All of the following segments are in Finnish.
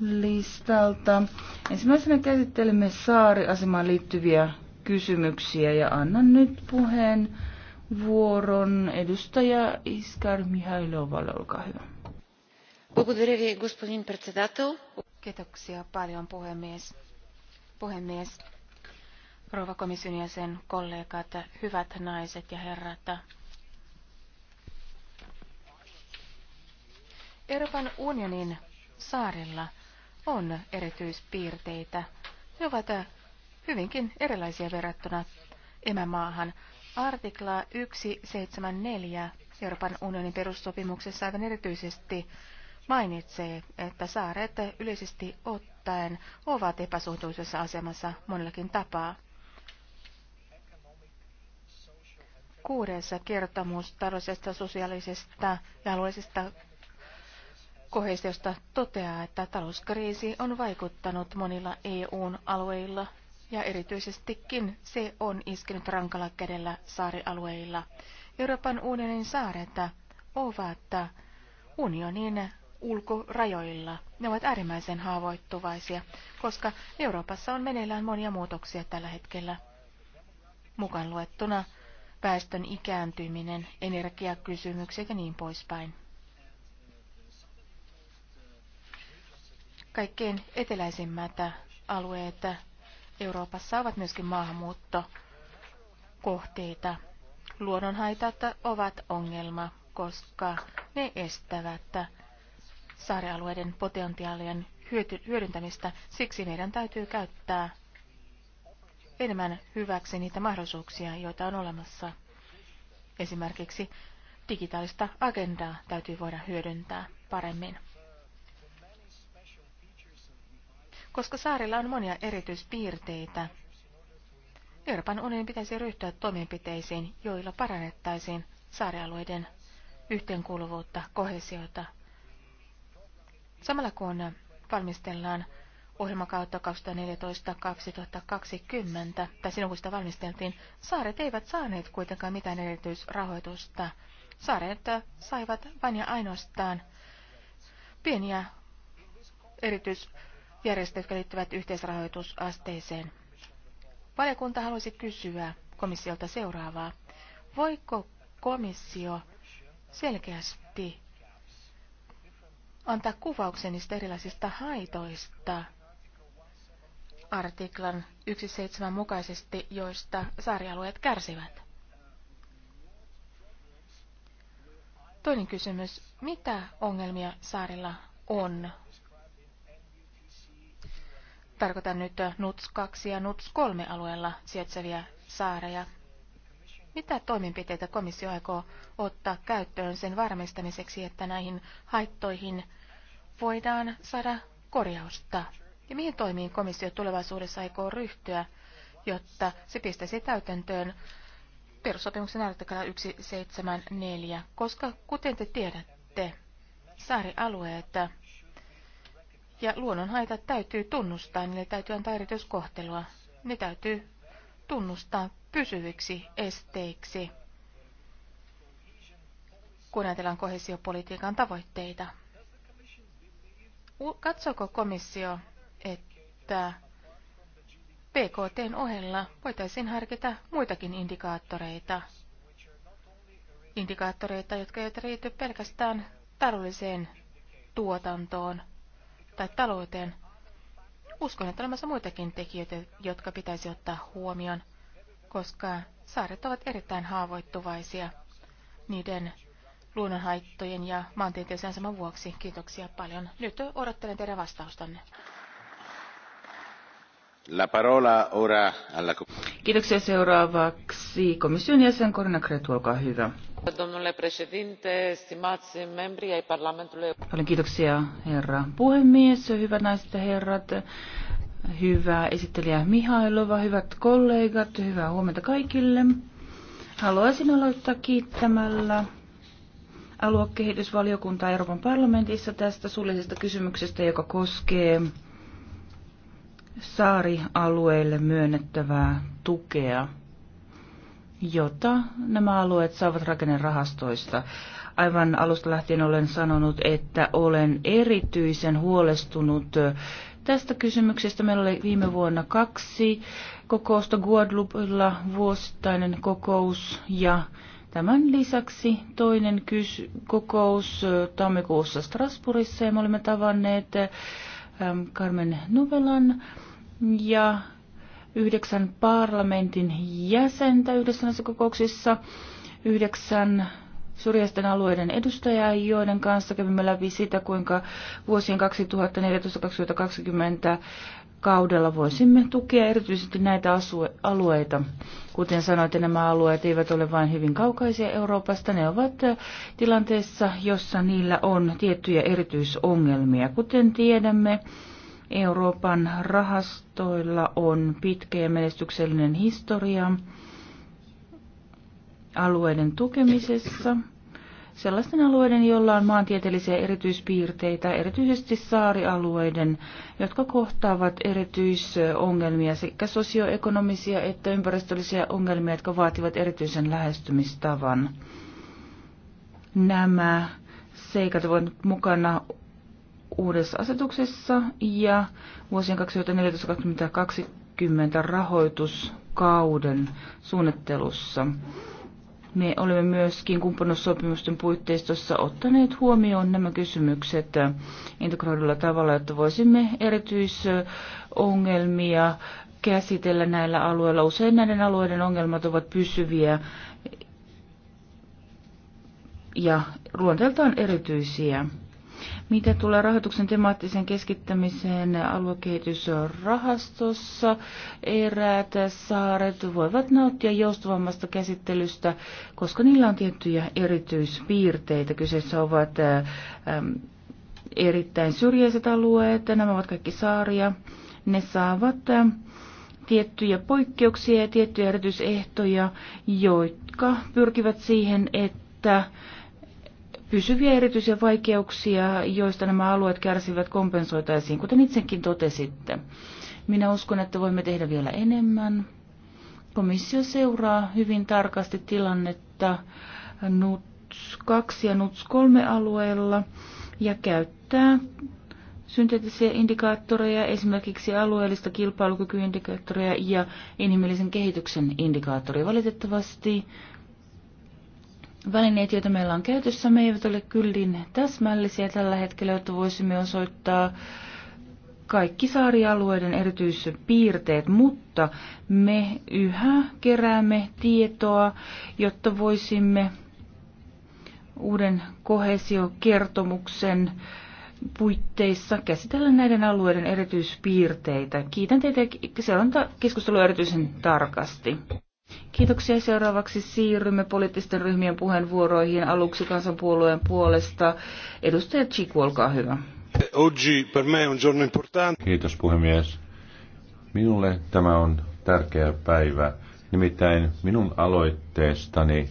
listalta. Ensimmäisenä käsittelemme saariasemaan liittyviä kysymyksiä ja annan nyt puheen vuoron edustaja Iskar Mihailovalle, olkaa hyvä. Kiitoksia paljon puhemies. Puhemies, rouva komission jäsen, kollegat, hyvät naiset ja herrat. Euroopan unionin saarilla on erityispiirteitä. Ne ovat äh, hyvinkin erilaisia verrattuna emämaahan. Artikla 174 Euroopan unionin perussopimuksessa aivan erityisesti mainitsee, että saaret yleisesti ottaen ovat epäsuhtuisessa asemassa monellakin tapaa. Kuudessa kertomus taloudellisesta, sosiaalisesta ja alueellisesta kohesiosta toteaa, että talouskriisi on vaikuttanut monilla EUn alueilla ja erityisestikin se on iskenyt rankalla kädellä saarialueilla. Euroopan unionin saaret ovat unionin ulkorajoilla. Ne ovat äärimmäisen haavoittuvaisia, koska Euroopassa on meneillään monia muutoksia tällä hetkellä. Mukaan luettuna väestön ikääntyminen, energiakysymykset ja niin poispäin. Kaikkein eteläisimmät alueet Euroopassa ovat myöskin maahanmuuttokohteita. Luonnonhaitat ovat ongelma, koska ne estävät saarialueiden potentiaalien hyödyntämistä. Siksi meidän täytyy käyttää enemmän hyväksi niitä mahdollisuuksia, joita on olemassa. Esimerkiksi digitaalista agendaa täytyy voida hyödyntää paremmin. koska saarilla on monia erityispiirteitä. Euroopan unionin pitäisi ryhtyä toimenpiteisiin, joilla parannettaisiin saarialueiden yhteenkuuluvuutta, kohesiota. Samalla kun valmistellaan ohjelmakautta 2014-2020, tai silloin kun sitä valmisteltiin, saaret eivät saaneet kuitenkaan mitään erityisrahoitusta. Saaret saivat vain ja ainoastaan pieniä erityisrahoituksia järjestöt, jotka liittyvät yhteisrahoitusasteeseen. Valiokunta haluaisi kysyä komissiolta seuraavaa. Voiko komissio selkeästi antaa kuvauksen niistä erilaisista haitoista artiklan 1.7 mukaisesti, joista saarialueet kärsivät? Toinen kysymys. Mitä ongelmia saarilla on Tarkoitan nyt NUTS 2 ja NUTS 3 alueella sijaitsevia saareja. Mitä toimenpiteitä komissio aikoo ottaa käyttöön sen varmistamiseksi, että näihin haittoihin voidaan saada korjausta? Ja mihin toimiin komissio tulevaisuudessa aikoo ryhtyä, jotta se pistäisi täytäntöön perussopimuksen artikla 174, koska kuten te tiedätte, saarialueet ja haitat täytyy tunnustaa, niille täytyy antaa erityiskohtelua. Ne täytyy tunnustaa pysyviksi esteiksi, kun ajatellaan kohesiopolitiikan tavoitteita. Katsoko komissio, että PKTn ohella voitaisiin harkita muitakin indikaattoreita, indikaattoreita, jotka eivät riity pelkästään taloudelliseen tuotantoon tai talouteen. Uskon, että on olemassa muitakin tekijöitä, jotka pitäisi ottaa huomioon, koska saaret ovat erittäin haavoittuvaisia niiden luonnonhaittojen ja maantieteellisen saman vuoksi. Kiitoksia paljon. Nyt odottelen teidän vastaustanne. La parola ora alla... Kiitoksia seuraavaksi komission jäsen Korina Kretu, olkaa hyvä domnule președinte stimați membri ai parlamentului Paljon kiitoksia herra puhemies, hyvät naiset ja herrat, hyvä esittelijä Mihailova, hyvät kollegat, hyvää huomenta kaikille. Haluaisin aloittaa kiittämällä aluekehitysvaliokuntaa Euroopan parlamentissa tästä suullisesta kysymyksestä, joka koskee saarialueille myönnettävää tukea jota nämä alueet saavat rakennerahastoista. Aivan alusta lähtien olen sanonut, että olen erityisen huolestunut tästä kysymyksestä. Meillä oli viime vuonna kaksi kokousta Guadeloupella, vuosittainen kokous ja Tämän lisäksi toinen kys- kokous tammikuussa Strasbourgissa ja me olimme tavanneet Carmen Novelan ja yhdeksän parlamentin jäsentä yhdessä näissä kokouksissa, yhdeksän syrjäisten alueiden edustajaa, joiden kanssa kävimme läpi sitä, kuinka vuosien 2014-2020 kaudella voisimme tukea erityisesti näitä alueita. Kuten sanoit, nämä alueet eivät ole vain hyvin kaukaisia Euroopasta, ne ovat tilanteessa, jossa niillä on tiettyjä erityisongelmia. Kuten tiedämme, Euroopan rahastoilla on pitkä ja menestyksellinen historia alueiden tukemisessa. Sellaisten alueiden, joilla on maantieteellisiä erityispiirteitä, erityisesti saarialueiden, jotka kohtaavat erityisongelmia, sekä sosioekonomisia että ympäristöllisiä ongelmia, jotka vaativat erityisen lähestymistavan. Nämä seikat ovat mukana uudessa asetuksessa ja vuosien 2014-2020 rahoituskauden suunnittelussa. Me olemme myöskin kumppanuussopimusten puitteistossa ottaneet huomioon nämä kysymykset integroidulla tavalla, että voisimme erityisongelmia käsitellä näillä alueilla. Usein näiden alueiden ongelmat ovat pysyviä ja luonteeltaan erityisiä. Mitä tulee rahoituksen temaattiseen keskittämiseen aluekehitysrahastossa, eräät saaret voivat nauttia joustavammasta käsittelystä, koska niillä on tiettyjä erityispiirteitä. Kyseessä ovat ähm, erittäin syrjäiset alueet, nämä ovat kaikki saaria. Ne saavat ähm, tiettyjä poikkeuksia ja tiettyjä erityisehtoja, jotka pyrkivät siihen, että että pysyviä erityisiä vaikeuksia, joista nämä alueet kärsivät, kompensoitaisiin, kuten itsekin totesitte. Minä uskon, että voimme tehdä vielä enemmän. Komissio seuraa hyvin tarkasti tilannetta NUTS 2 ja NUTS 3 alueella ja käyttää synteettisiä indikaattoreja, esimerkiksi alueellista kilpailukykyindikaattoria ja inhimillisen kehityksen indikaattoria. Valitettavasti välineet, joita meillä on käytössä, me eivät ole kyllin täsmällisiä tällä hetkellä, jotta voisimme osoittaa kaikki saarialueiden erityispiirteet, mutta me yhä keräämme tietoa, jotta voisimme uuden kohesiokertomuksen puitteissa käsitellä näiden alueiden erityispiirteitä. Kiitän teitä, se on keskustelu erityisen tarkasti. Kiitoksia. Seuraavaksi siirrymme poliittisten ryhmien puheenvuoroihin. Aluksi kansanpuolueen puolesta. Edustaja Chiku, olkaa hyvä. Kiitos puhemies. Minulle tämä on tärkeä päivä. Nimittäin minun aloitteestani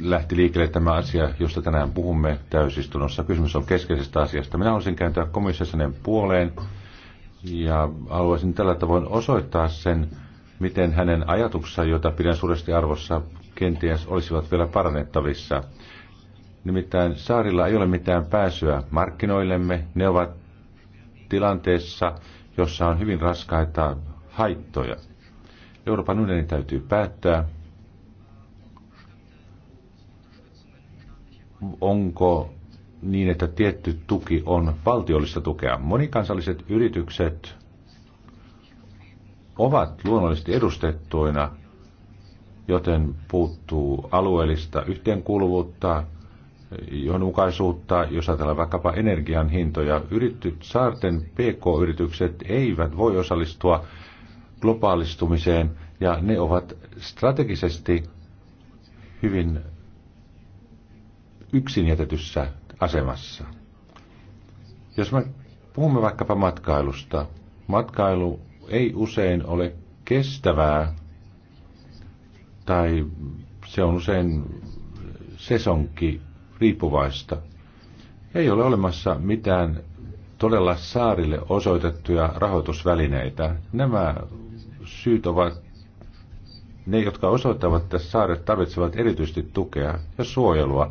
lähti liikkeelle tämä asia, josta tänään puhumme täysistunnossa. Kysymys on keskeisestä asiasta. Minä haluaisin kääntyä komissiosanen puoleen ja haluaisin tällä tavoin osoittaa sen, miten hänen ajatuksensa, jota pidän suuresti arvossa, kenties olisivat vielä parannettavissa. Nimittäin saarilla ei ole mitään pääsyä markkinoillemme. Ne ovat tilanteessa, jossa on hyvin raskaita haittoja. Euroopan unioni täytyy päättää, onko niin, että tietty tuki on valtiollista tukea. Monikansalliset yritykset ovat luonnollisesti edustettuina, joten puuttuu alueellista yhteenkuuluvuutta, johdonmukaisuutta, jos ajatellaan vaikkapa energian hintoja. Yrityt, saarten PK-yritykset eivät voi osallistua globaalistumiseen ja ne ovat strategisesti hyvin yksin jätetyssä asemassa. Jos me puhumme vaikkapa matkailusta, matkailu ei usein ole kestävää tai se on usein sesonki riippuvaista. Ei ole olemassa mitään todella saarille osoitettuja rahoitusvälineitä. Nämä syyt ovat ne, jotka osoittavat, että saaret tarvitsevat erityisesti tukea ja suojelua.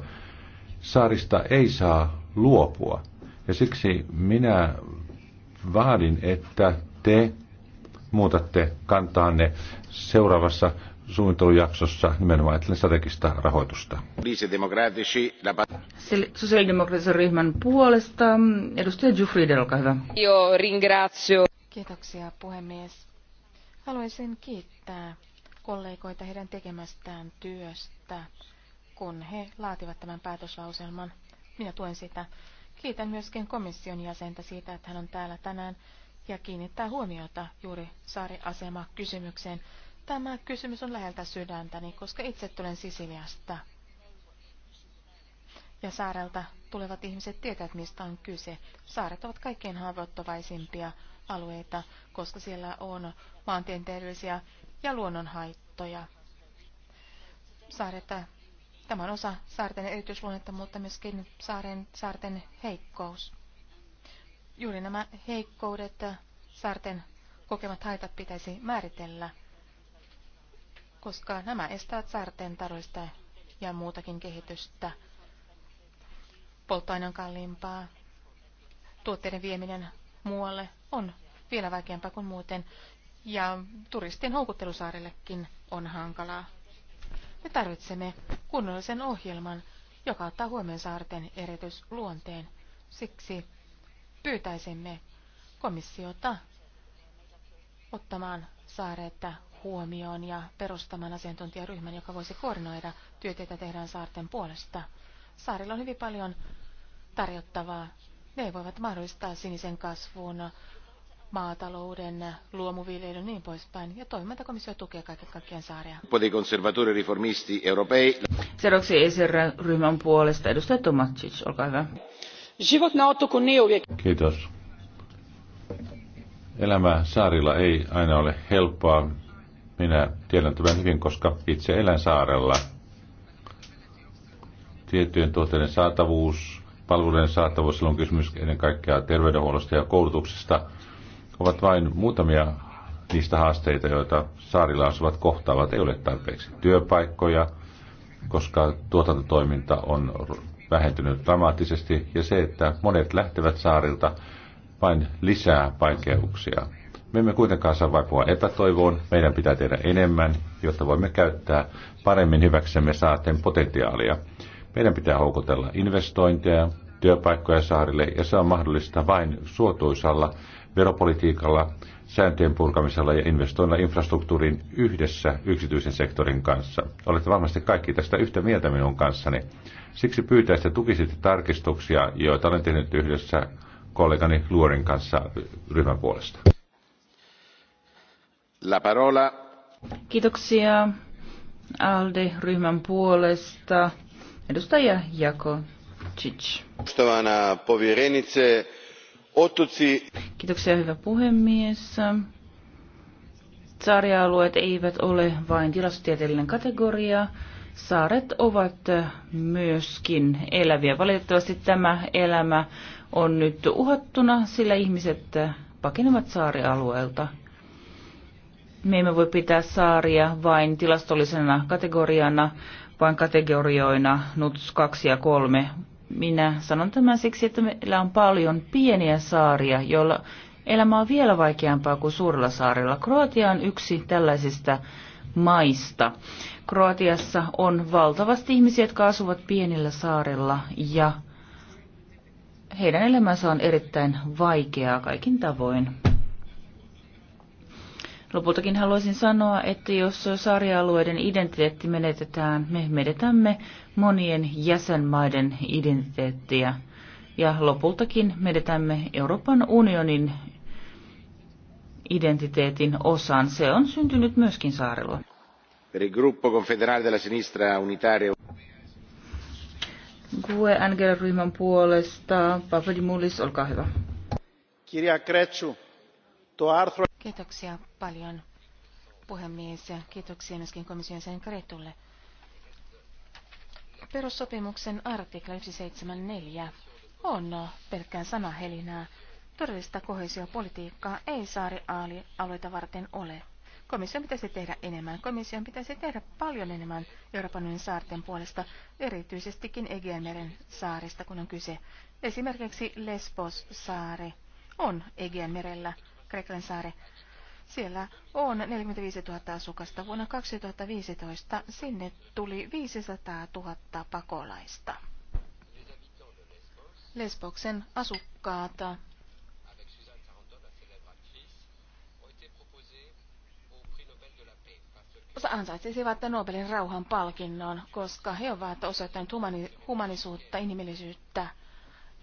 Saarista ei saa luopua. Ja siksi minä vaadin, että te muutatte kantaanne seuraavassa suunnittelujaksossa nimenomaan ajatellen strategista rahoitusta. Sosiaalidemokraattisen ryhmän puolesta edustaja Jufriede, olkaa hyvä. Joo, ringrazio. Kiitoksia puhemies. Haluaisin kiittää kollegoita heidän tekemästään työstä kun he laativat tämän päätöslauselman. Minä tuen sitä. Kiitän myöskin komission jäsentä siitä, että hän on täällä tänään ja kiinnittää huomiota juuri saariasema kysymykseen. Tämä kysymys on läheltä sydäntäni, koska itse tulen Sisiliasta. Ja saarelta tulevat ihmiset tietävät, mistä on kyse. Saaret ovat kaikkein haavoittuvaisimpia alueita, koska siellä on maantieteellisiä ja luonnonhaittoja. Saaretta Tämä on osa saarten erityisluonnetta, mutta myöskin saaren, saarten heikkous. Juuri nämä heikkoudet, saarten kokemat haitat pitäisi määritellä, koska nämä estävät saarten taloista ja muutakin kehitystä. Polttoaine on kalliimpaa, tuotteiden vieminen muualle on vielä vaikeampaa kuin muuten, ja turistin houkuttelusaarellekin on hankalaa. Me tarvitsemme kunnollisen ohjelman, joka ottaa huomioon saarten erityisluonteen. Siksi pyytäisimme komissiota ottamaan saareetta huomioon ja perustamaan asiantuntijaryhmän, joka voisi koordinoida työtä, jota tehdään saarten puolesta. Saarilla on hyvin paljon tarjottavaa. Ne voivat mahdollistaa sinisen kasvun, maatalouden, luomuviljelyn ja niin poispäin. Ja toimintakomissio tukee kaiken kaikkien saaria. Seuraavaksi ESR-ryhmän puolesta edustaja Tomacic, olkaa hyvä. Život na otoku nije Kiitos. Elämä saarilla ei aina ole helppoa. Minä tiedän tämän hyvin, koska itse elän saarella. Tiettyjen tuotteiden saatavuus, palveluiden saatavuus, silloin on kysymys ennen kaikkea terveydenhuollosta ja koulutuksesta ovat vain muutamia niistä haasteita, joita saarilla asuvat kohtaavat. Ei ole tarpeeksi työpaikkoja, koska tuotantotoiminta on vähentynyt dramaattisesti ja se, että monet lähtevät saarilta vain lisää vaikeuksia. Me emme kuitenkaan saa vaipua epätoivoon. Meidän pitää tehdä enemmän, jotta voimme käyttää paremmin hyväksemme saarten potentiaalia. Meidän pitää houkutella investointeja, työpaikkoja saarille ja se on mahdollista vain suotuisalla veropolitiikalla, sääntöjen purkamisella ja investoinnilla infrastruktuuriin yhdessä yksityisen sektorin kanssa. Olette varmasti kaikki tästä yhtä mieltä minun kanssani. Siksi pyytäisitte tukisitte tarkistuksia, joita olen tehnyt yhdessä kollegani Luorin kanssa ryhmän puolesta. La parola. Kiitoksia ALDE-ryhmän puolesta. Edustaja Jako Cic. Ustavana povjerenice, Kiitoksia hyvä puhemies. Saarialueet eivät ole vain tilastotieteellinen kategoria. Saaret ovat myöskin eläviä. Valitettavasti tämä elämä on nyt uhattuna, sillä ihmiset pakenevat saarialueelta. Me emme voi pitää saaria vain tilastollisena kategoriana, vaan kategorioina NUTS 2 ja 3 minä sanon tämän siksi, että meillä on paljon pieniä saaria, joilla elämä on vielä vaikeampaa kuin suurilla saarilla. Kroatia on yksi tällaisista maista. Kroatiassa on valtavasti ihmisiä, jotka asuvat pienillä saarilla ja heidän elämänsä on erittäin vaikeaa kaikin tavoin. Lopultakin haluaisin sanoa, että jos saarialueiden identiteetti menetetään, me menetämme monien jäsenmaiden identiteettiä ja lopultakin menetämme Euroopan unionin identiteetin osan. Se on syntynyt myöskin saarella. Per il gruppo confederale della sinistra unitaria GUE NGL-ryhmän puolesta Papadimulis, olkaa hyvä. Kirja Kretsu, tuo arthro Kiitoksia paljon puhemies ja kiitoksia myöskin komission sen Kretulle. Perussopimuksen artikla 174 on pelkkään sanahelinää. Todellista kohesiopolitiikkaa ei saarialueita varten ole. Komission pitäisi tehdä enemmän. Komission pitäisi tehdä paljon enemmän Euroopan unionin saarten puolesta, erityisestikin Egeanmeren saarista, kun on kyse. Esimerkiksi Lesbos-saari on Egeanmerellä, Kreikan saari. Siellä on 45 000 asukasta. Vuonna 2015 sinne tuli 500 000 pakolaista. Lesboksen asukkaat ansaitsisivat Nobelin rauhan palkinnon, koska he ovat osoittaneet humani- humanisuutta, inhimillisyyttä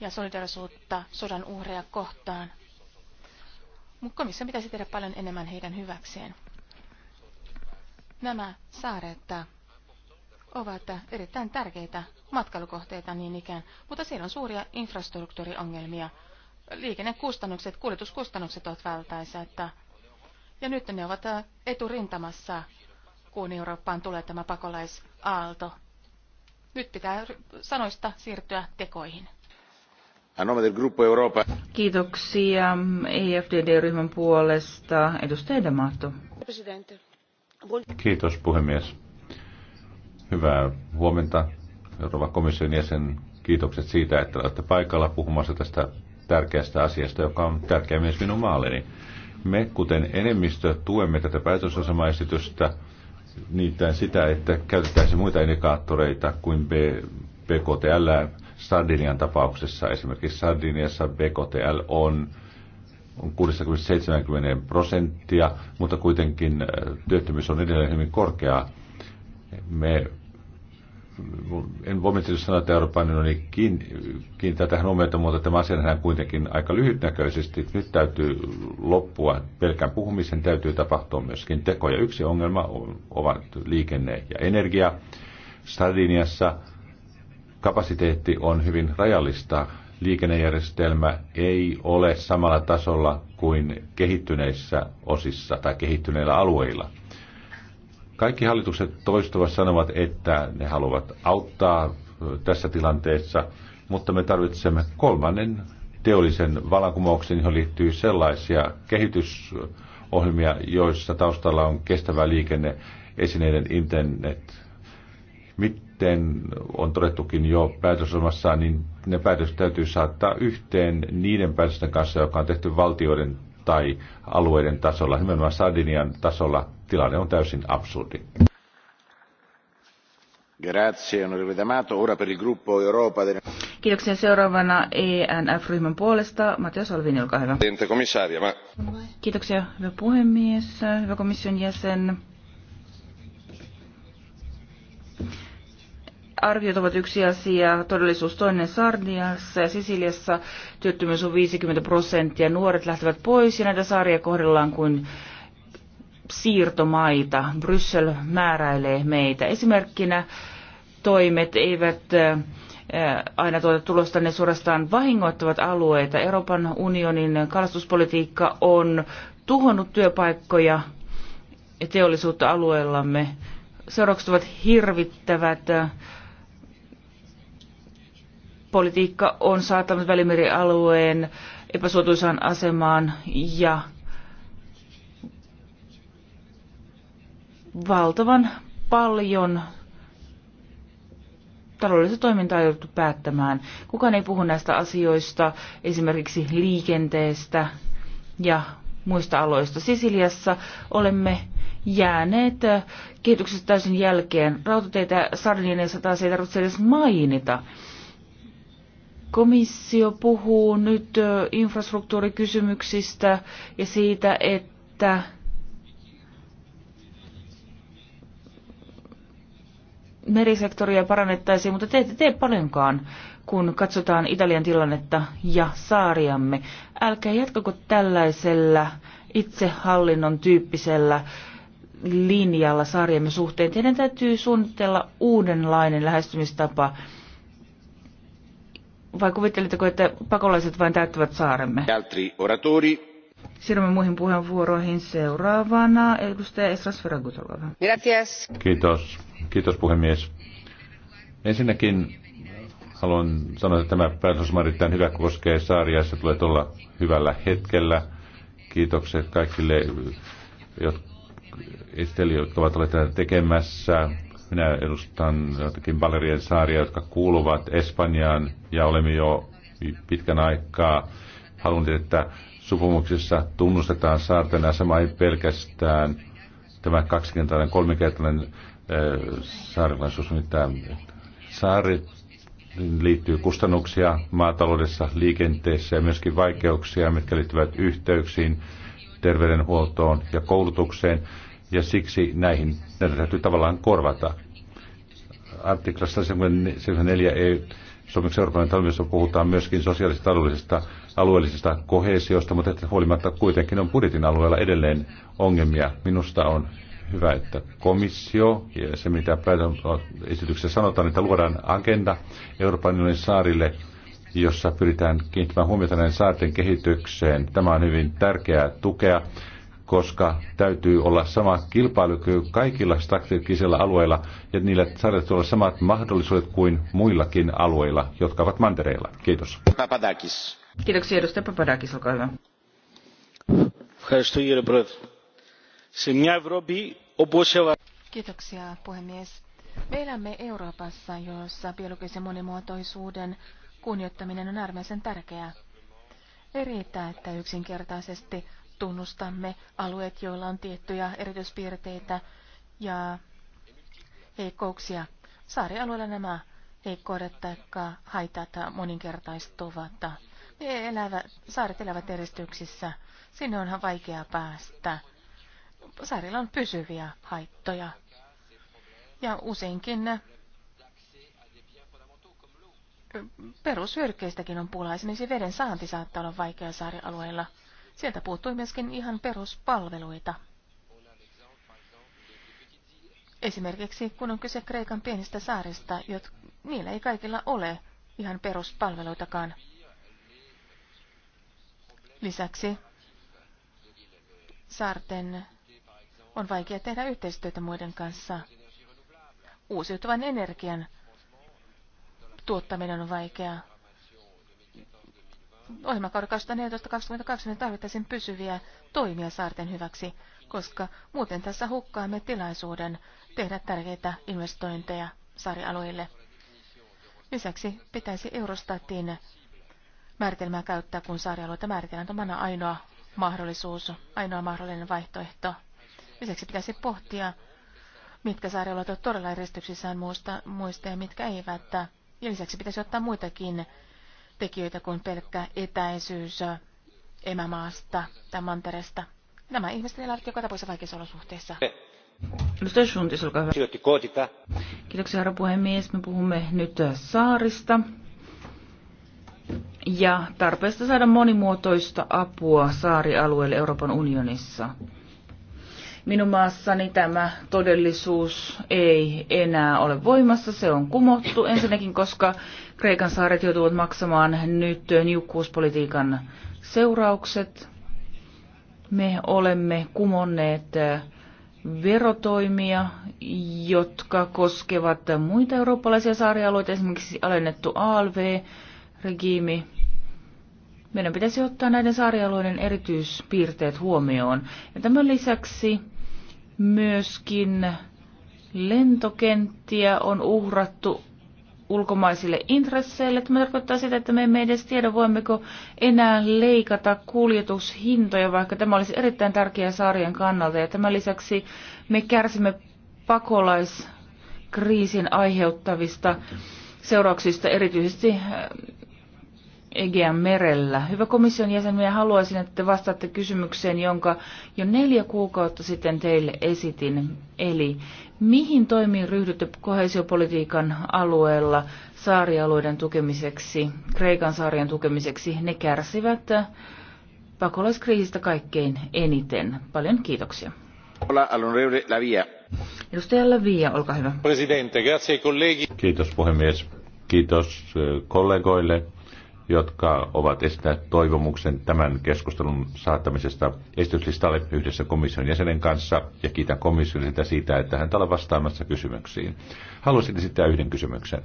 ja solidarisuutta sodan uhreja kohtaan. Mutta komissio pitäisi tehdä paljon enemmän heidän hyväkseen. Nämä saaret ovat erittäin tärkeitä matkailukohteita niin ikään, mutta siellä on suuria infrastruktuuriongelmia. Liikennekustannukset, kuljetuskustannukset ovat valtaisia, että ja nyt ne ovat eturintamassa, kun Eurooppaan tulee tämä pakolaisaalto. Nyt pitää sanoista siirtyä tekoihin. Kiitoksia EFDD-ryhmän puolesta. Edustaja Damato. Kiitos puhemies. Hyvää huomenta, Euroopan komission jäsen. Kiitokset siitä, että olette paikalla puhumassa tästä tärkeästä asiasta, joka on tärkeä myös minun maalleni. Me, kuten enemmistö, tuemme tätä päätösosamaesitystä, niitä sitä, että käytettäisiin muita indikaattoreita kuin B, BKTL Sardinian tapauksessa. Esimerkiksi Sardiniassa BKTL on on 60-70 prosenttia, mutta kuitenkin äh, työttömyys on edelleen hyvin korkea. Me, en voi tietysti sanoa, että Euroopan unioni kiinnittää tähän huomiota, mutta tämä asia nähdään kuitenkin aika lyhytnäköisesti. Nyt täytyy loppua pelkään puhumisen, täytyy tapahtua myöskin tekoja. Yksi ongelma ovat liikenne ja energia. Sardiniassa kapasiteetti on hyvin rajallista. Liikennejärjestelmä ei ole samalla tasolla kuin kehittyneissä osissa tai kehittyneillä alueilla. Kaikki hallitukset toistuvat sanovat, että ne haluavat auttaa tässä tilanteessa, mutta me tarvitsemme kolmannen teollisen valankumouksen, johon liittyy sellaisia kehitysohjelmia, joissa taustalla on kestävä liikenne, esineiden internet kuten on todettukin jo päätösomassa, niin ne päätös täytyy saattaa yhteen niiden päätösten kanssa, joka on tehty valtioiden tai alueiden tasolla. Nimenomaan Sardinian tasolla tilanne on täysin absurdi. Kiitoksia seuraavana ENF-ryhmän puolesta. Matias Olvin, olkaa hyvä. Kiitoksia, hyvä puhemies, hyvä komission jäsen. arviot ovat yksi asia, todellisuus toinen Sardiassa ja Sisiliassa työttömyys on 50 prosenttia, nuoret lähtevät pois ja näitä saaria kohdellaan kuin siirtomaita. Bryssel määräilee meitä. Esimerkkinä toimet eivät äh, äh, aina tuota tulosta, ne suorastaan vahingoittavat alueita. Euroopan unionin kalastuspolitiikka on tuhonnut työpaikkoja ja teollisuutta alueellamme. Seuraukset ovat hirvittävät politiikka on saattanut välimerialueen epäsuotuisaan asemaan ja valtavan paljon taloudellista toimintaa on jouduttu päättämään. Kukaan ei puhu näistä asioista, esimerkiksi liikenteestä ja muista aloista. Sisiliassa olemme jääneet kehityksestä täysin jälkeen. Rautateitä Sardiniassa taas ei tarvitse edes mainita. Komissio puhuu nyt infrastruktuurikysymyksistä ja siitä, että merisektoria parannettaisiin, mutta te ette tee paljonkaan, kun katsotaan Italian tilannetta ja saariamme. Älkää jatkako tällaisella itsehallinnon tyyppisellä linjalla saariemme suhteen. Teidän täytyy suunnitella uudenlainen lähestymistapa vai kuvitteletteko, että pakolaiset vain täyttävät saaremme? Altri oratori. Siirrymme muihin puheenvuoroihin seuraavana. Edustaja Esra Ferragut, Gracias. Kiitos. Kiitos puhemies. Ensinnäkin haluan sanoa, että tämä päätös on erittäin hyvä, koskee saaria. Se tulee olla hyvällä hetkellä. Kiitokset kaikille, jotka ovat olleet tekemässä. Minä edustan jotakin Valerien saaria, jotka kuuluvat Espanjaan ja olemme jo pitkän aikaa halunneet, että sopumuksessa tunnustetaan saarten asema ei pelkästään tämä kaksikertainen, kolmikertainen saarilaisuus, mitä saari liittyy kustannuksia maataloudessa, liikenteessä ja myöskin vaikeuksia, mitkä liittyvät yhteyksiin, terveydenhuoltoon ja koulutukseen ja siksi näihin näitä täytyy tavallaan korvata. Artiklassa 74 ei Suomeksi Euroopan talvissa puhutaan myöskin sosiaalisesta taloudellisesta alueellisesta kohesiosta, mutta että huolimatta kuitenkin on budjetin alueella edelleen ongelmia. Minusta on hyvä, että komissio ja se, mitä esityksessä sanotaan, että luodaan agenda Euroopan unionin saarille, jossa pyritään kiinnittämään huomiota näiden saarten kehitykseen. Tämä on hyvin tärkeää tukea koska täytyy olla sama kilpailukyky kaikilla strategisilla alueilla ja niillä saadaan olla samat mahdollisuudet kuin muillakin alueilla, jotka ovat mantereilla. Kiitos. Papadakis. Kiitoksia edustaja Papadakis, olkaa hyvä. Kiitoksia puhemies. Me elämme Euroopassa, jossa biologisen monimuotoisuuden kunnioittaminen on äärimmäisen tärkeää. Ei riitä, että yksinkertaisesti tunnustamme alueet, joilla on tiettyjä erityispiirteitä ja heikkouksia. Saarialueella nämä heikkoudet tai haitat moninkertaistuvat. Ne elävät, saaret elävät eristyksissä. Sinne onhan vaikea päästä. Saarilla on pysyviä haittoja. Ja useinkin perusyrkkeistäkin on pulaa. Esimerkiksi veden saanti saattaa olla vaikea saarialueilla. Sieltä puuttui myöskin ihan peruspalveluita. Esimerkiksi kun on kyse Kreikan pienistä saarista, jot, niillä ei kaikilla ole ihan peruspalveluitakaan. Lisäksi saarten on vaikea tehdä yhteistyötä muiden kanssa. Uusiutuvan energian tuottaminen on vaikeaa ohjelmakauden 2014-2020 me tarvittaisiin pysyviä toimia saarten hyväksi, koska muuten tässä hukkaamme tilaisuuden tehdä tärkeitä investointeja saarialueille. Lisäksi pitäisi Eurostatin määritelmää käyttää, kun saarialueita määritellään omana ainoa mahdollisuus, ainoa mahdollinen vaihtoehto. Lisäksi pitäisi pohtia, mitkä saarialueet ovat todella eristyksissään muista, muista ja mitkä eivät. Ja lisäksi pitäisi ottaa muitakin tekijöitä kuin pelkkä etäisyys emämaasta tai mantereesta. Nämä ihmiset elävät joka tapauksessa vaikeissa olosuhteissa. Edustaja Schuntis, olkaa hyvä. Kiitoksia, herra puhemies. Me puhumme nyt saarista ja tarpeesta saada monimuotoista apua saarialueelle Euroopan unionissa. Minun maassani tämä todellisuus ei enää ole voimassa. Se on kumottu ensinnäkin, koska Kreikan saaret joutuvat maksamaan nyt niukkuuspolitiikan seuraukset. Me olemme kumonneet verotoimia, jotka koskevat muita eurooppalaisia saarialueita, esimerkiksi alennettu ALV-regiimi. Meidän pitäisi ottaa näiden saarialueiden erityispiirteet huomioon. Ja tämän lisäksi myöskin lentokenttiä on uhrattu ulkomaisille intresseille. Tämä tarkoittaa sitä, että me emme edes tiedä, voimmeko enää leikata kuljetushintoja, vaikka tämä olisi erittäin tärkeää saarien kannalta. Ja tämän lisäksi me kärsimme pakolaiskriisin aiheuttavista seurauksista erityisesti äh, Egean merellä. Hyvä komission jäsen, minä haluaisin, että te vastaatte kysymykseen, jonka jo neljä kuukautta sitten teille esitin. Eli Mihin toimiin ryhdytte kohesiopolitiikan alueella saarialueiden tukemiseksi, Kreikan saarien tukemiseksi? Ne kärsivät pakolaiskriisistä kaikkein eniten. Paljon kiitoksia. Edustaja Lavia, olkaa hyvä. Kiitos puhemies. Kiitos eh, kollegoille jotka ovat esittäneet toivomuksen tämän keskustelun saattamisesta esityslistalle yhdessä komission jäsenen kanssa, ja kiitän komissiolta siitä, että hän on vastaamassa kysymyksiin. Haluaisin esittää yhden kysymyksen.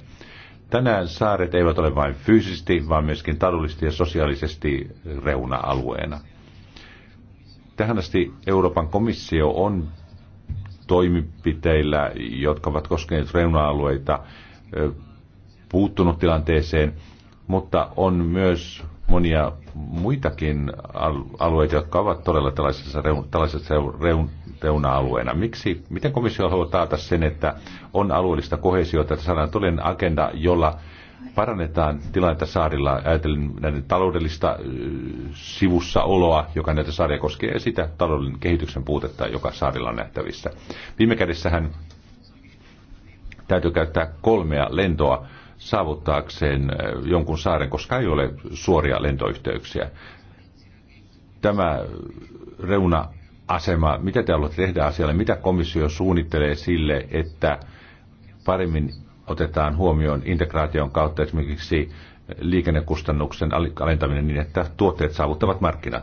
Tänään saaret eivät ole vain fyysisesti, vaan myöskin taloudellisesti ja sosiaalisesti reuna-alueena. Tähän asti Euroopan komissio on toimipiteillä, jotka ovat koskeneet reuna-alueita, puuttunut tilanteeseen – mutta on myös monia muitakin alueita, jotka ovat todella tällaisessa, reun, tällaisessa reun, reuna-alueena. Miksi, miten komissio haluaa taata sen, että on alueellista kohesiota, että saadaan todellinen agenda, jolla parannetaan tilannetta saarilla, ajatellen näiden taloudellista sivussa oloa, joka näitä saaria koskee, ja sitä taloudellinen kehityksen puutetta, joka saarilla on nähtävissä. Viime kädessähän täytyy käyttää kolmea lentoa saavuttaakseen äh, jonkun saaren, koska ei ole suoria lentoyhteyksiä. Tämä reuna-asema, mitä te haluatte tehdä asialle, mitä komissio suunnittelee sille, että paremmin otetaan huomioon integraation kautta esimerkiksi liikennekustannuksen alentaminen niin, että tuotteet saavuttavat markkinat.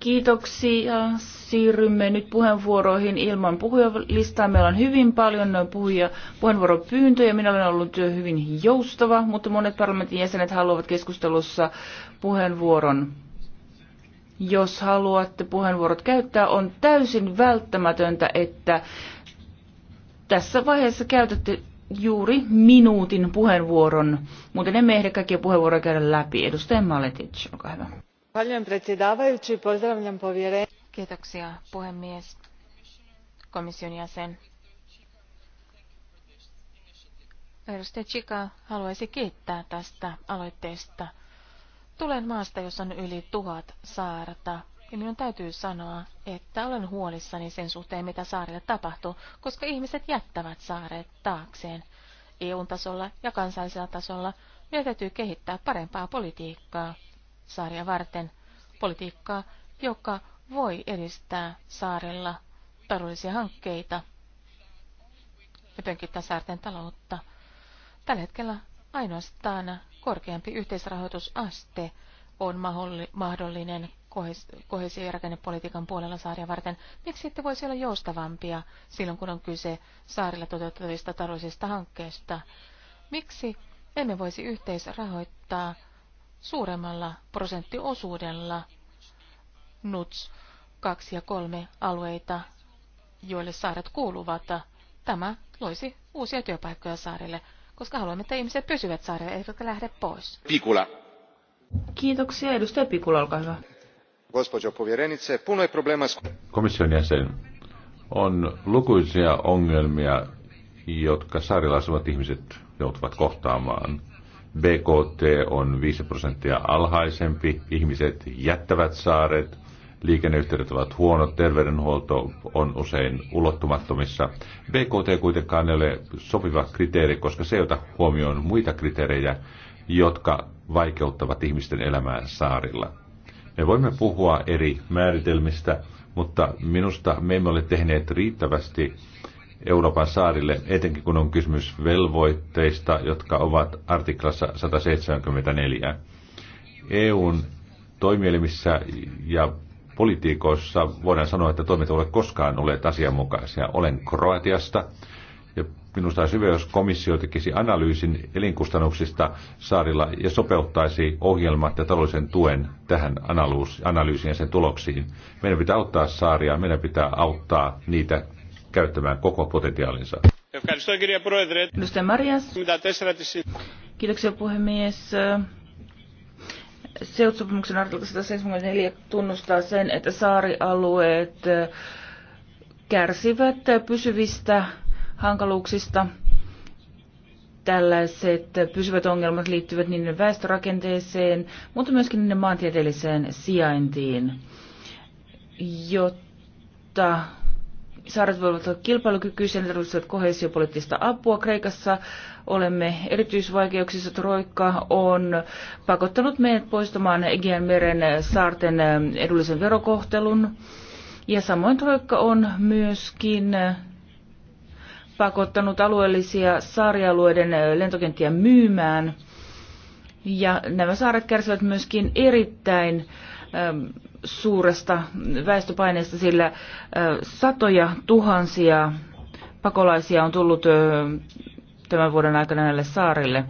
Kiitoksia. Siirrymme nyt puheenvuoroihin ilman puhujalistaa. Meillä on hyvin paljon puhuja, puheenvuoropyyntöjä. Minä olen ollut hyvin joustava, mutta monet parlamentin jäsenet haluavat keskustelussa puheenvuoron. Jos haluatte puheenvuorot käyttää, on täysin välttämätöntä, että tässä vaiheessa käytätte juuri minuutin puheenvuoron. Muuten emme ehdi kaikkia puheenvuoroja käydä läpi. Edustaja Maletic, olkaa hyvä. Kiitoksia puhemies, komission jäsen. Edustaja Chika haluaisi kiittää tästä aloitteesta. Tulen maasta, jossa on yli tuhat saarta. Ja minun täytyy sanoa, että olen huolissani sen suhteen, mitä saarille tapahtuu, koska ihmiset jättävät saaret taakseen. EU-tasolla ja kansallisella tasolla meidän täytyy kehittää parempaa politiikkaa saaria varten. Politiikkaa, joka voi edistää saarella taloudellisia hankkeita ja pönkittää saarten taloutta. Tällä hetkellä ainoastaan korkeampi yhteisrahoitusaste on mahdollinen kohesio- ja rakennepolitiikan puolella saaria varten, miksi sitten voisi olla joustavampia silloin, kun on kyse saarilla toteutettavista taloudellisista hankkeista? Miksi emme voisi yhteisrahoittaa suuremmalla prosenttiosuudella NUTS 2 ja 3 alueita, joille saaret kuuluvat? Tämä loisi uusia työpaikkoja saarille, koska haluamme, että ihmiset pysyvät saarelle eivätkä lähde pois. Pikula. Kiitoksia. Edustaja Pikula, olkaa hyvä. Gospođo povjerenice, puno je problema... Komission jäsen, on lukuisia ongelmia, jotka saarilla ihmiset joutuvat kohtaamaan. BKT on 5 prosenttia alhaisempi, ihmiset jättävät saaret, liikenneyhteydet ovat huonot, terveydenhuolto on usein ulottumattomissa. BKT kuitenkaan ei ole sopiva kriteeri, koska se ei ota huomioon muita kriteerejä, jotka vaikeuttavat ihmisten elämää saarilla. Me voimme puhua eri määritelmistä, mutta minusta me emme ole tehneet riittävästi Euroopan saarille, etenkin kun on kysymys velvoitteista, jotka ovat artiklassa 174. EUn toimielimissä ja politiikoissa voidaan sanoa, että toimet eivät ole koskaan olleet asianmukaisia. Olen Kroatiasta, Minusta olisi hyvä, jos komissio tekisi analyysin elinkustannuksista saarilla ja sopeuttaisi ohjelmat ja taloudellisen tuen tähän analyysiin ja sen tuloksiin. Meidän pitää auttaa saaria, meidän pitää auttaa niitä käyttämään koko potentiaalinsa. Kiitoksia puhemies. Seutsopimuksen artikla 174 tunnustaa sen, että saarialueet kärsivät pysyvistä hankaluuksista. Tällaiset pysyvät ongelmat liittyvät niiden väestörakenteeseen, mutta myöskin niiden maantieteelliseen sijaintiin, jotta saaret voivat olla kilpailukykyisiä, ne tarvitsevat kohesiopoliittista apua. Kreikassa olemme erityisvaikeuksissa. Troikka on pakottanut meidät poistamaan Egean meren saarten edullisen verokohtelun. Ja samoin Troikka on myöskin pakottanut alueellisia saarialueiden lentokenttiä myymään. Ja nämä saaret kärsivät myöskin erittäin suuresta väestöpaineesta, sillä satoja tuhansia pakolaisia on tullut tämän vuoden aikana näille saarille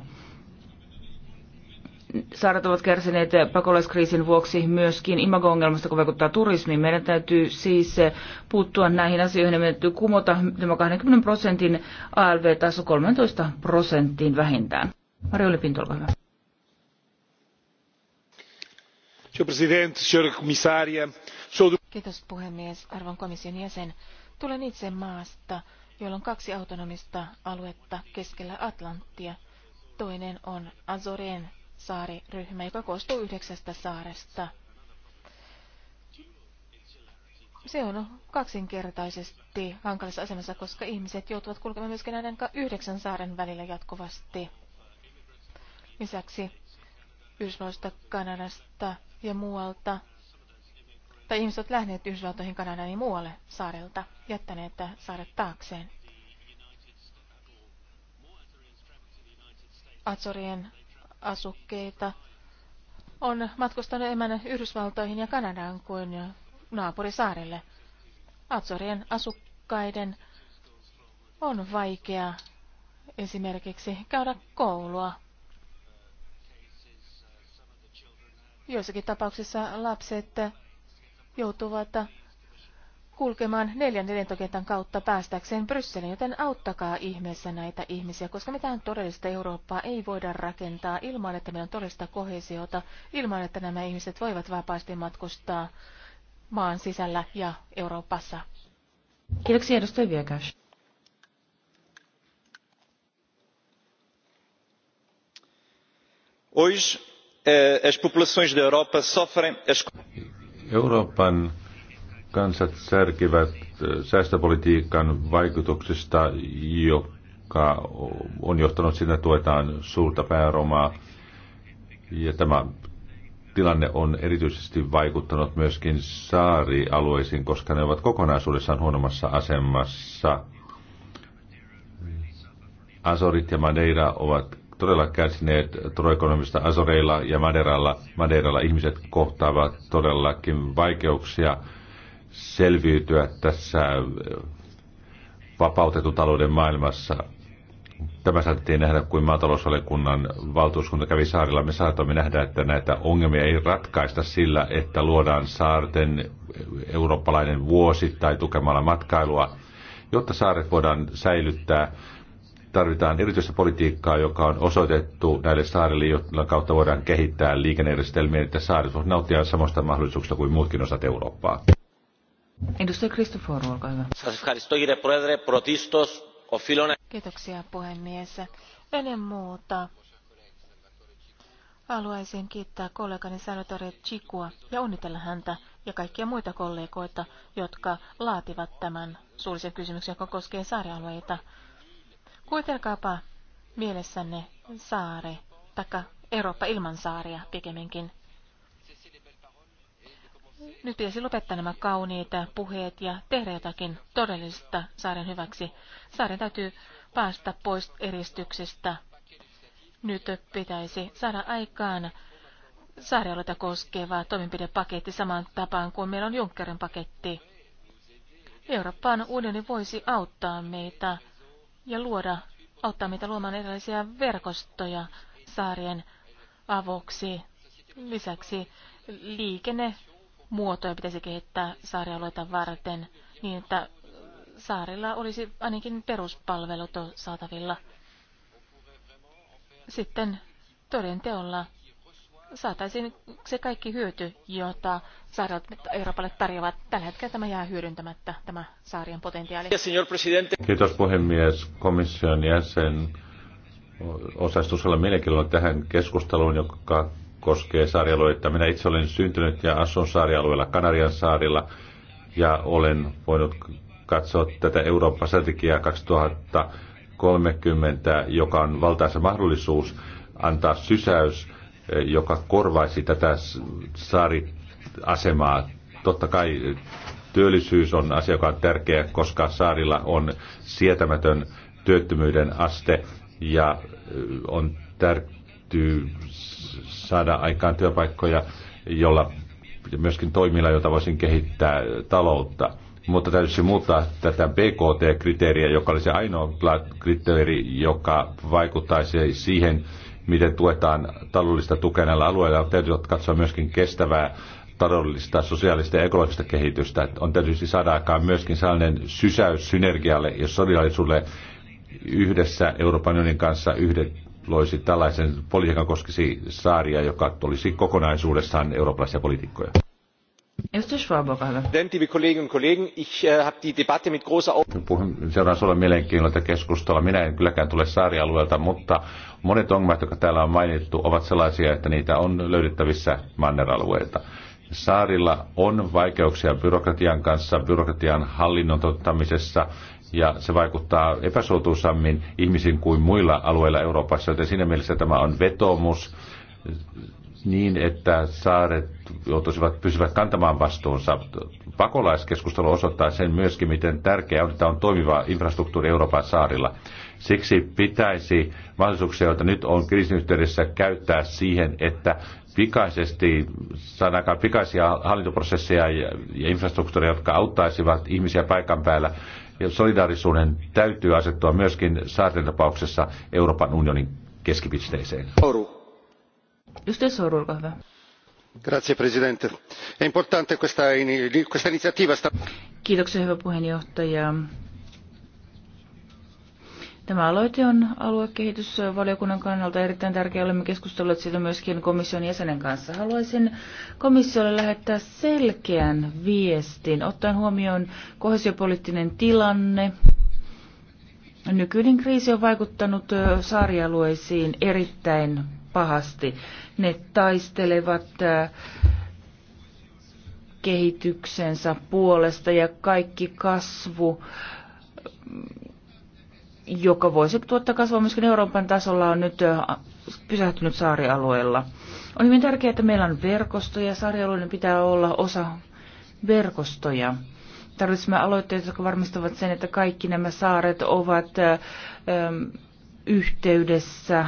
saaret ovat kärsineet pakolaiskriisin vuoksi myöskin imago-ongelmasta, kun vaikuttaa turismiin. Meidän täytyy siis puuttua näihin asioihin ja meidän täytyy kumota tämä 20 prosentin ALV-taso 13 prosenttiin vähintään. Mario Lepinto, olkaa hyvä. Kiitos puhemies, arvon komission jäsen. Tulen itse maasta, jolla on kaksi autonomista aluetta keskellä Atlanttia. Toinen on Azoreen saariryhmä, joka koostuu yhdeksästä saaresta. Se on kaksinkertaisesti hankalassa asemassa, koska ihmiset joutuvat kulkemaan myöskin näiden yhdeksän saaren välillä jatkuvasti. Lisäksi Yhdysvalloista, Kanadasta ja muualta, tai ihmiset ovat lähteneet Yhdysvaltoihin, Kanadaan ja muualle saarelta, jättäneet saaret taakseen. Atsorien asukkeita on matkustanut emän Yhdysvaltoihin ja Kanadaan kuin naapurisaarille. Atsorien asukkaiden on vaikea esimerkiksi käydä koulua. Joissakin tapauksissa lapset joutuvat kulkemaan neljän lentokentän kautta päästäkseen Brysseliin, joten auttakaa ihmeessä näitä ihmisiä, koska mitään todellista Eurooppaa ei voida rakentaa ilman, että meillä on todellista kohesiota, ilman, että nämä ihmiset voivat vapaasti matkustaa maan sisällä ja Euroopassa. Kiitoksia edustaja Viekäs. Hoje, eh, as populações da Europa sofrem as... Europan kansat särkivät äh, säästöpolitiikan vaikutuksista, joka on johtanut siinä tuetaan suurta pääromaa. Ja tämä tilanne on erityisesti vaikuttanut myöskin saarialueisiin, koska ne ovat kokonaisuudessaan huonommassa asemassa. Azorit ja Madeira ovat todella kärsineet turoekonomista Azoreilla ja Madeiralla. Madeiralla ihmiset kohtaavat todellakin vaikeuksia selviytyä tässä äh, vapautetun talouden maailmassa. Tämä saatettiin nähdä, kun maatalousvaliokunnan valtuuskunta kävi saarilla. Me saatoimme nähdä, että näitä ongelmia ei ratkaista sillä, että luodaan saarten eurooppalainen vuosi tai tukemalla matkailua. Jotta saaret voidaan säilyttää, tarvitaan erityistä politiikkaa, joka on osoitettu näille saarille, joilla kautta voidaan kehittää liikennejärjestelmiä, että saaret voivat nauttia samasta mahdollisuuksista kuin muutkin osat Eurooppaa. Edustaja Kristoforu, olkaa hyvä. Kiitoksia puhemies. Ennen muuta haluaisin kiittää kollegani Salvatore Chikua ja onnitella häntä ja kaikkia muita kollegoita, jotka laativat tämän suullisen kysymyksen, joka koskee saarialueita. Kuitelkaapa mielessänne saari, taka Eurooppa ilman saaria pikemminkin nyt pitäisi lopettaa nämä kauniit puheet ja tehdä jotakin todellista saaren hyväksi. Saaren täytyy päästä pois eristyksestä. Nyt pitäisi saada aikaan saarialueita koskeva toimenpidepaketti samaan tapaan kuin meillä on Junckerin paketti. Euroopan unioni voisi auttaa meitä ja luoda, auttaa meitä luomaan erilaisia verkostoja saarien avuksi. Lisäksi liikenne muotoja pitäisi kehittää saarialueita varten niin, että saarilla olisi ainakin peruspalvelut saatavilla. Sitten toden teolla saataisiin se kaikki hyöty, jota saarat Euroopalle tarjoavat. Tällä hetkellä tämä jää hyödyntämättä, tämä saarien potentiaali. Kiitos puhemies, komission jäsen. Osaistuisella mielenkiinnolla tähän keskusteluun, joka koskee saarialueita. Minä itse olen syntynyt ja asun saarialueella Kanarian saarilla ja olen voinut katsoa tätä Euroopan strategiaa 2030, joka on valtaisa mahdollisuus antaa sysäys, joka korvaisi tätä saariasemaa. Totta kai työllisyys on asia, joka on tärkeä, koska saarilla on sietämätön työttömyyden aste ja on tärkeää täytyy saada aikaan työpaikkoja, jolla myöskin toimilla, joita voisin kehittää taloutta. Mutta täytyisi muuttaa tätä BKT-kriteeriä, joka olisi ainoa kriteeri, joka vaikuttaisi siihen, miten tuetaan taloudellista tukea näillä alueilla. Täytyy katsoa myöskin kestävää taloudellista, sosiaalista ja ekologista kehitystä. On täytyisi saada aikaan myöskin sellainen sysäys synergialle ja solidaisuudelle yhdessä Euroopan unionin kanssa yhden loisi tällaisen politiikan koskisi saaria, joka olisi kokonaisuudessaan eurooppalaisia poliitikkoja. Äh, Seuraan sulle mielenkiinnolla keskustella. Minä en kylläkään tule saarialueelta, mutta monet ongelmat, jotka täällä on mainittu, ovat sellaisia, että niitä on löydettävissä manneralueilta. Saarilla on vaikeuksia byrokratian kanssa, byrokratian hallinnon toteuttamisessa ja se vaikuttaa epäsuotuisammin ihmisiin kuin muilla alueilla Euroopassa, joten siinä mielessä tämä on vetomus niin, että saaret joutuisivat, pysyvät kantamaan vastuunsa. Pakolaiskeskustelu osoittaa sen myöskin, miten tärkeää on, että on toimiva infrastruktuuri Euroopan saarilla. Siksi pitäisi mahdollisuuksia, joita nyt on kriisin yhteydessä, käyttää siihen, että pikaisesti, saadaan pikaisia hallintoprosesseja ja, ja infrastruktuuria, jotka auttaisivat ihmisiä paikan päällä solidaarisuuden täytyy asettua myöskin saarten tapauksessa Euroopan unionin keskipisteeseen. Oru. Just Soru, olkaa hyvä Grazie, presidente è importante questa iniziativa. kiitoksia hyvä puheenjohtaja Tämä aloite on aluekehitysvaliokunnan kannalta erittäin tärkeä. Olemme keskustelleet siitä myöskin komission jäsenen kanssa. Haluaisin komissiolle lähettää selkeän viestin, ottaen huomioon kohesiopoliittinen tilanne. Nykyinen kriisi on vaikuttanut saarialueisiin erittäin pahasti. Ne taistelevat kehityksensä puolesta ja kaikki kasvu joka voisi tuottaa kasvua myöskin Euroopan tasolla, on nyt pysähtynyt saarialueella. On hyvin tärkeää, että meillä on verkostoja. Saarialueiden pitää olla osa verkostoja. Tarvitsemme aloitteita, jotka varmistavat sen, että kaikki nämä saaret ovat yhteydessä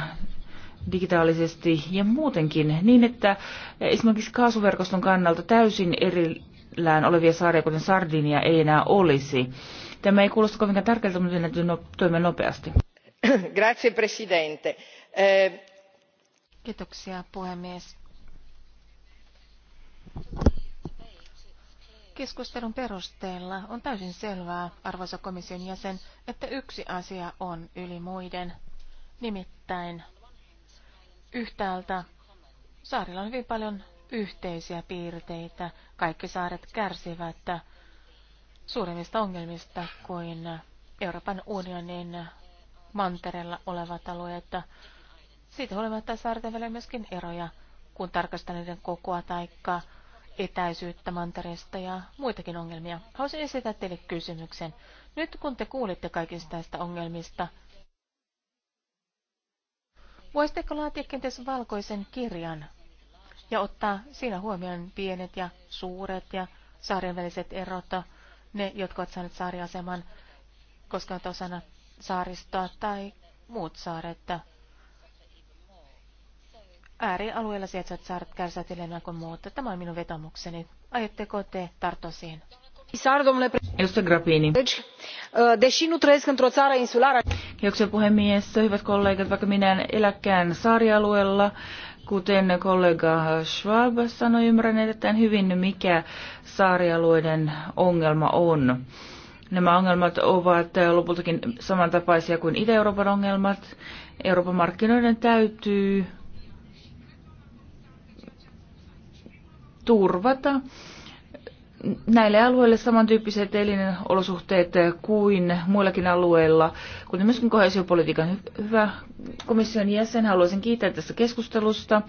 digitaalisesti ja muutenkin niin, että esimerkiksi kaasuverkoston kannalta täysin eri meneillään olevia saaria, kuten Sardinia, ei enää olisi. Tämä ei kuulosta kovinkaan tärkeältä, mutta meidän täytyy no-, toimia nopeasti. Grazie, presidente. Eh, Kiitoksia, puhemies. Keskustelun perusteella on täysin selvää, arvoisa komission jäsen, että yksi asia on yli muiden. Nimittäin yhtäältä saarilla on hyvin paljon yhteisiä piirteitä. Kaikki saaret kärsivät suuremmista ongelmista kuin Euroopan unionin mantereella olevat alueet. Siitä huolimatta saarten välillä myöskin eroja, kun tarkastan niiden kokoa tai etäisyyttä mantereesta ja muitakin ongelmia. Haluaisin esittää teille kysymyksen. Nyt kun te kuulitte kaikista näistä ongelmista, voisitteko laatia kenties valkoisen kirjan ja ottaa siinä huomioon pienet ja suuret ja saarien väliset erot, ne, jotka ovat saaneet saariaseman, koska ovat osana saaristoa tai muut saaret. Äärialueilla sijaitsevat saaret kärsivät enemmän kuin muut. Tämä on minun vetomukseni. Aiotteko te tarttua siihen? domnule uh, deși nu puhemies hyvät kollegat vaikka minä en eläkään saarialueella Kuten kollega Schwab sanoi, ymmärrän erittäin hyvin, mikä saarialueiden ongelma on. Nämä ongelmat ovat lopultakin samantapaisia kuin Itä-Euroopan ongelmat. Euroopan markkinoiden täytyy turvata näille alueille samantyyppiset elinolosuhteet kuin muillakin alueilla, kuten myöskin kohesiopolitiikan hyvä komission jäsen. Haluaisin kiittää tästä keskustelusta.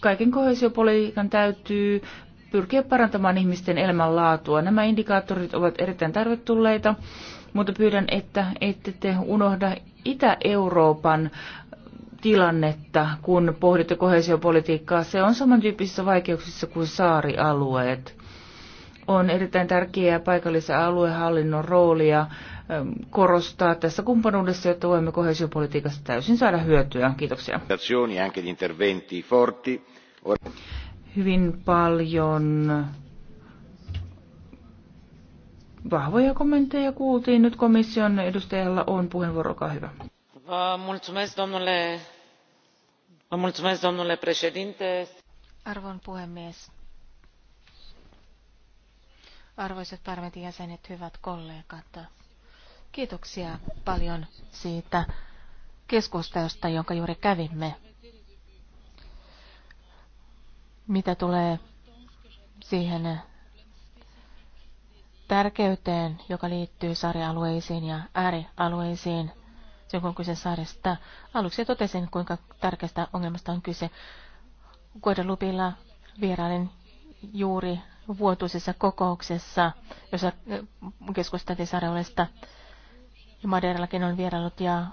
Kaiken kohesiopolitiikan täytyy pyrkiä parantamaan ihmisten elämänlaatua. Nämä indikaattorit ovat erittäin tervetulleita, mutta pyydän, että ette te unohda Itä-Euroopan tilannetta, kun pohditte kohesiopolitiikkaa. Se on samantyyppisissä vaikeuksissa kuin saarialueet on erittäin tärkeää paikallisen aluehallinnon roolia korostaa tässä kumppanuudessa, jotta voimme kohesiopolitiikasta täysin saada hyötyä. Kiitoksia. Hyvin paljon vahvoja kommentteja kuultiin. Nyt komission edustajalla on puheenvuoro, olkaa hyvä. Arvon puhemies, Arvoisat parlamentin jäsenet, hyvät kollegat, kiitoksia paljon siitä keskustelusta, jonka juuri kävimme. Mitä tulee siihen tärkeyteen, joka liittyy saarialueisiin ja äärialueisiin, silloin kun kyse saaresta. Aluksi totesin, kuinka tärkeästä ongelmasta on kyse. Guadalupilla vierailin juuri vuotuisessa kokouksessa, jossa eh, keskusteltiin sarjoista. Ja Madeirallakin on vierailut ja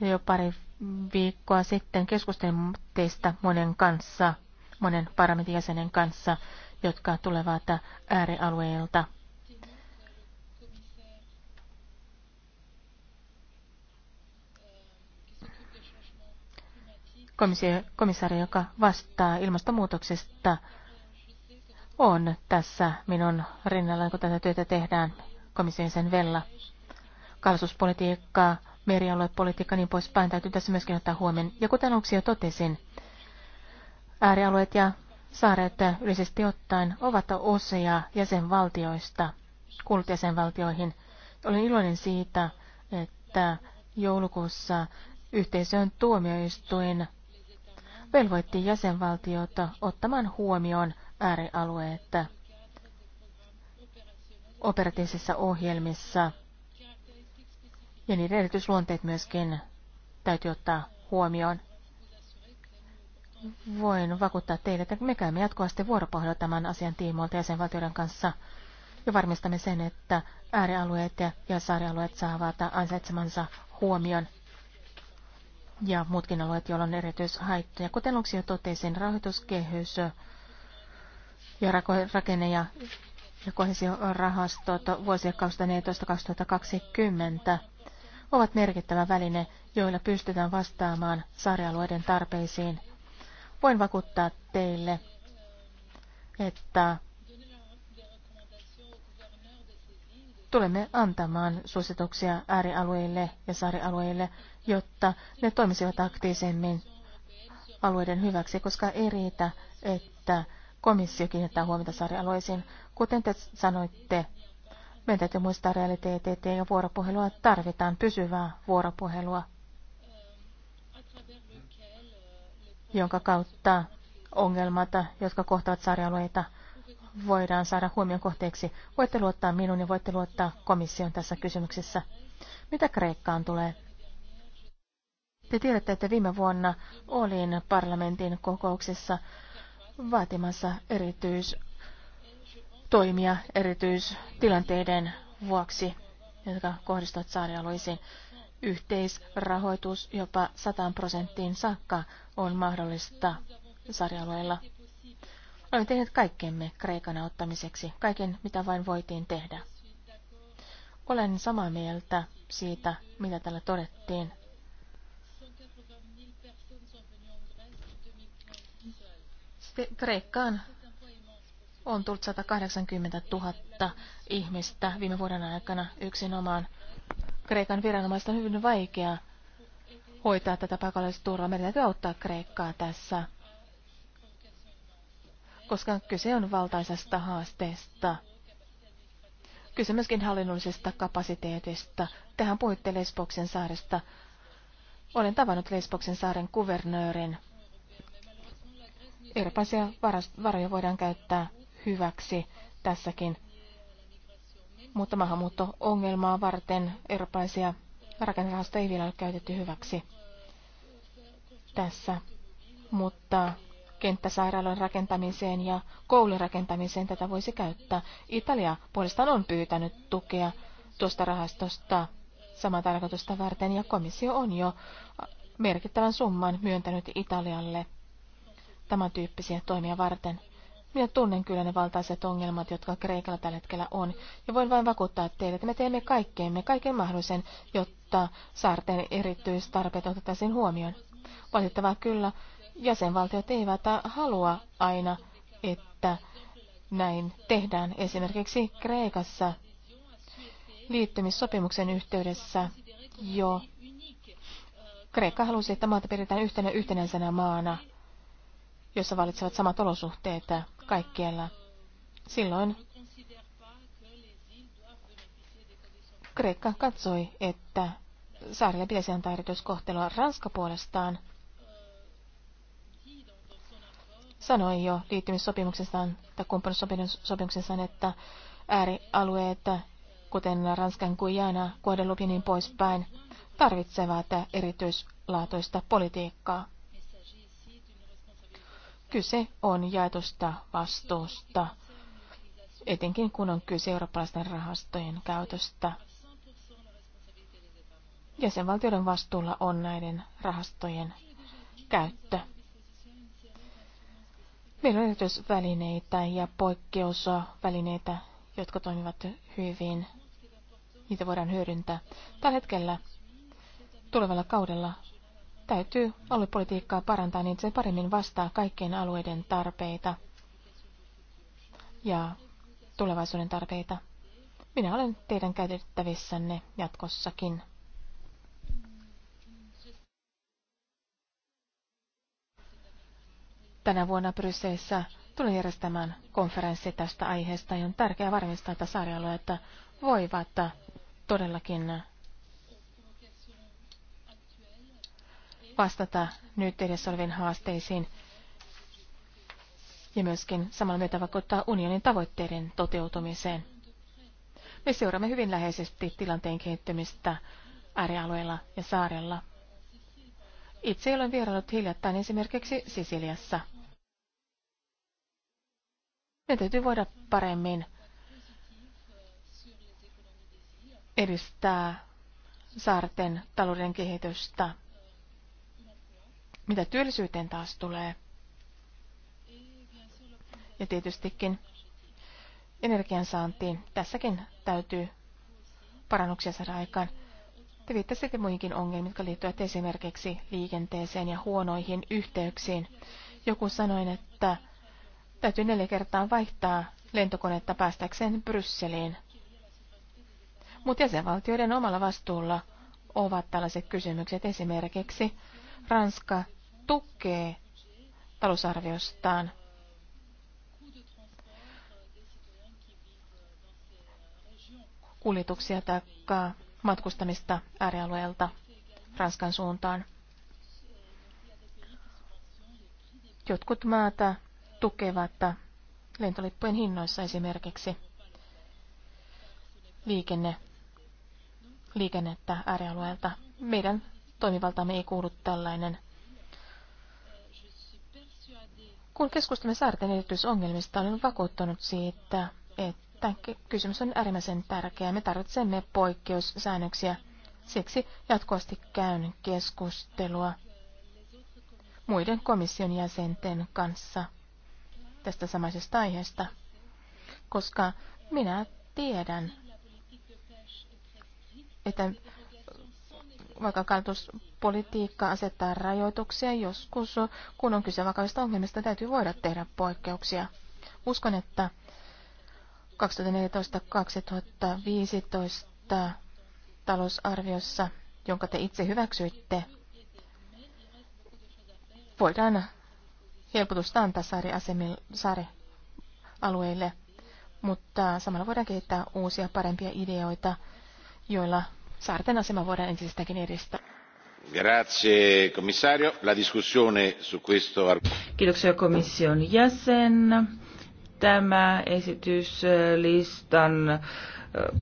jo pari viikkoa sitten keskustelin teistä monen kanssa, monen parlamentin jäsenen kanssa, jotka tulevat äärialueilta. Komissio, komissaari, joka vastaa ilmastonmuutoksesta, on tässä minun rinnalla, kun tätä työtä tehdään komission sen vella. Kalsuspolitiikkaa, merialuepolitiikka niin poispäin täytyy tässä myöskin ottaa huomioon. Ja kuten aluksi jo totesin, äärialueet ja saaret yleisesti ottaen ovat osia jäsenvaltioista, kuulut jäsenvaltioihin. Olen iloinen siitä, että joulukuussa yhteisön tuomioistuin velvoitti jäsenvaltiota ottamaan huomioon että operatiivisissa ohjelmissa ja niiden erityisluonteet myöskin täytyy ottaa huomioon. Voin vakuuttaa teille, että me käymme jatkuvasti vuoropohjalla tämän asian tiimoilta jäsenvaltioiden kanssa ja varmistamme sen, että äärialueet ja saarialueet saavat ansaitsemansa huomion ja muutkin alueet, joilla on erityishaittoja. Kuten aluksi jo totesin, rahoituskehys ja rakenne- ja, ja kohesiorahastot vuosia 2014-2020 ovat merkittävä väline, joilla pystytään vastaamaan saarialueiden tarpeisiin. Voin vakuuttaa teille, että tulemme antamaan suosituksia äärialueille ja saarialueille, jotta ne toimisivat aktiivisemmin alueiden hyväksi, koska ei riitä, että komissio kiinnittää huomiota sarjaloisiin. Kuten te sanoitte, meidän täytyy muistaa realiteetit ja vuoropuhelua tarvitaan, pysyvää vuoropuhelua, jonka kautta ongelmat, jotka kohtavat sarjaloita, voidaan saada huomion kohteeksi. Voitte luottaa minuun ja voitte luottaa komission tässä kysymyksessä. Mitä Kreikkaan tulee? Te tiedätte, että viime vuonna olin parlamentin kokouksessa vaatimassa erityistoimia erityistilanteiden vuoksi, jotka kohdistuvat saarialueisiin. Yhteisrahoitus jopa 100 prosenttiin saakka on mahdollista saarialueilla. Olemme tehneet kaikkemme Kreikan auttamiseksi, kaiken mitä vain voitiin tehdä. Olen samaa mieltä siitä, mitä täällä todettiin. Kreikkaan on tullut 180 000 ihmistä viime vuoden aikana yksinomaan. Kreikan viranomaista on hyvin vaikea hoitaa tätä turvaa. Meidän täytyy auttaa Kreikkaa tässä, koska kyse on valtaisesta haasteesta. Kyse myöskin hallinnollisesta kapasiteetista. Tähän puhuitte Lesboksen saaresta. Olen tavannut Lesboksen saaren kuvernöörin Euroopaisia varoja voidaan käyttää hyväksi tässäkin. Mutta maahanmuutto-ongelmaa varten eurooppalaisia rakennerahasta ei vielä ole käytetty hyväksi tässä. Mutta kenttäsairaalan rakentamiseen ja koulun rakentamiseen tätä voisi käyttää. Italia puolestaan on pyytänyt tukea tuosta rahastosta samaa tarkoitusta varten ja komissio on jo merkittävän summan myöntänyt Italialle tämän tyyppisiä toimia varten. Minä tunnen kyllä ne valtaiset ongelmat, jotka Kreikalla tällä hetkellä on, ja voin vain vakuuttaa teille, että me teemme kaikkeemme, kaiken mahdollisen, jotta saarten erityistarpeet otettaisiin huomioon. Valitettavaa kyllä, jäsenvaltiot eivät halua aina, että näin tehdään. Esimerkiksi Kreikassa liittymissopimuksen yhteydessä jo Kreikka halusi, että maata pidetään yhtenä yhtenäisenä maana – jossa valitsevat samat olosuhteet kaikkialla. Silloin Kreikka katsoi, että saarille pitäisi antaa erityiskohtelua. Ranska puolestaan sanoi jo liittymissopimuksessaan tai kumppanussopimuksessaan, että äärialueet, kuten Ranskan Guyana, Guadeloupe niin poispäin, tarvitsevat erityislaatuista politiikkaa. Kyse on jaetusta vastuusta, etenkin kun on kyse eurooppalaisten rahastojen käytöstä. Jäsenvaltioiden vastuulla on näiden rahastojen käyttö. Meillä on välineitä ja poikkeusvälineitä, jotka toimivat hyvin. Niitä voidaan hyödyntää. Tällä hetkellä tulevalla kaudella Täytyy aluepolitiikkaa parantaa, niin se paremmin vastaa kaikkien alueiden tarpeita ja tulevaisuuden tarpeita. Minä olen teidän käytettävissänne jatkossakin. Tänä vuonna Brysseissä tulen järjestämään konferenssi tästä aiheesta ja on tärkeää varmistaa, että saarialueet voivat todellakin vastata nyt edessä oleviin haasteisiin ja myöskin samalla myötä vaikuttaa unionin tavoitteiden toteutumiseen. Me seuraamme hyvin läheisesti tilanteen kehittymistä äärialueilla ja saarella. Itse olen vieraillut hiljattain esimerkiksi Sisiliassa. Me täytyy voida paremmin edistää saarten talouden kehitystä mitä työllisyyteen taas tulee? Ja tietystikin energiansaantiin. Tässäkin täytyy parannuksia saada aikaan. Te viittasitte muihinkin ongelmiin, jotka liittyvät esimerkiksi liikenteeseen ja huonoihin yhteyksiin. Joku sanoi, että täytyy neljä kertaa vaihtaa lentokonetta päästäkseen Brysseliin. Mutta jäsenvaltioiden omalla vastuulla ovat tällaiset kysymykset esimerkiksi Ranska tukee talousarviostaan kuljetuksia tai matkustamista äärialueelta Ranskan suuntaan. Jotkut maata tukevat lentolippujen hinnoissa esimerkiksi liikenne, liikennettä äärialueelta. Meidän toimivaltamme ei kuulu tällainen Kun keskustamme saarten erityisongelmista, olen vakuuttunut siitä, että kysymys on äärimmäisen tärkeä. Me tarvitsemme poikkeussäännöksiä. Siksi jatkuvasti käyn keskustelua muiden komission jäsenten kanssa tästä samaisesta aiheesta, koska minä tiedän, että vaikka kannatuspolitiikka asettaa rajoituksia, joskus kun on kyse vakavista ongelmista, täytyy voida tehdä poikkeuksia. Uskon, että 2014-2015 talousarviossa, jonka te itse hyväksyitte, voidaan helpotusta antaa saarialueille, mutta samalla voidaan kehittää uusia parempia ideoita, joilla saarten asema voidaan entisestäänkin edistää. Grazie, komissario. La discussione su questo... Kiitoksia komission jäsen. Tämä esityslistan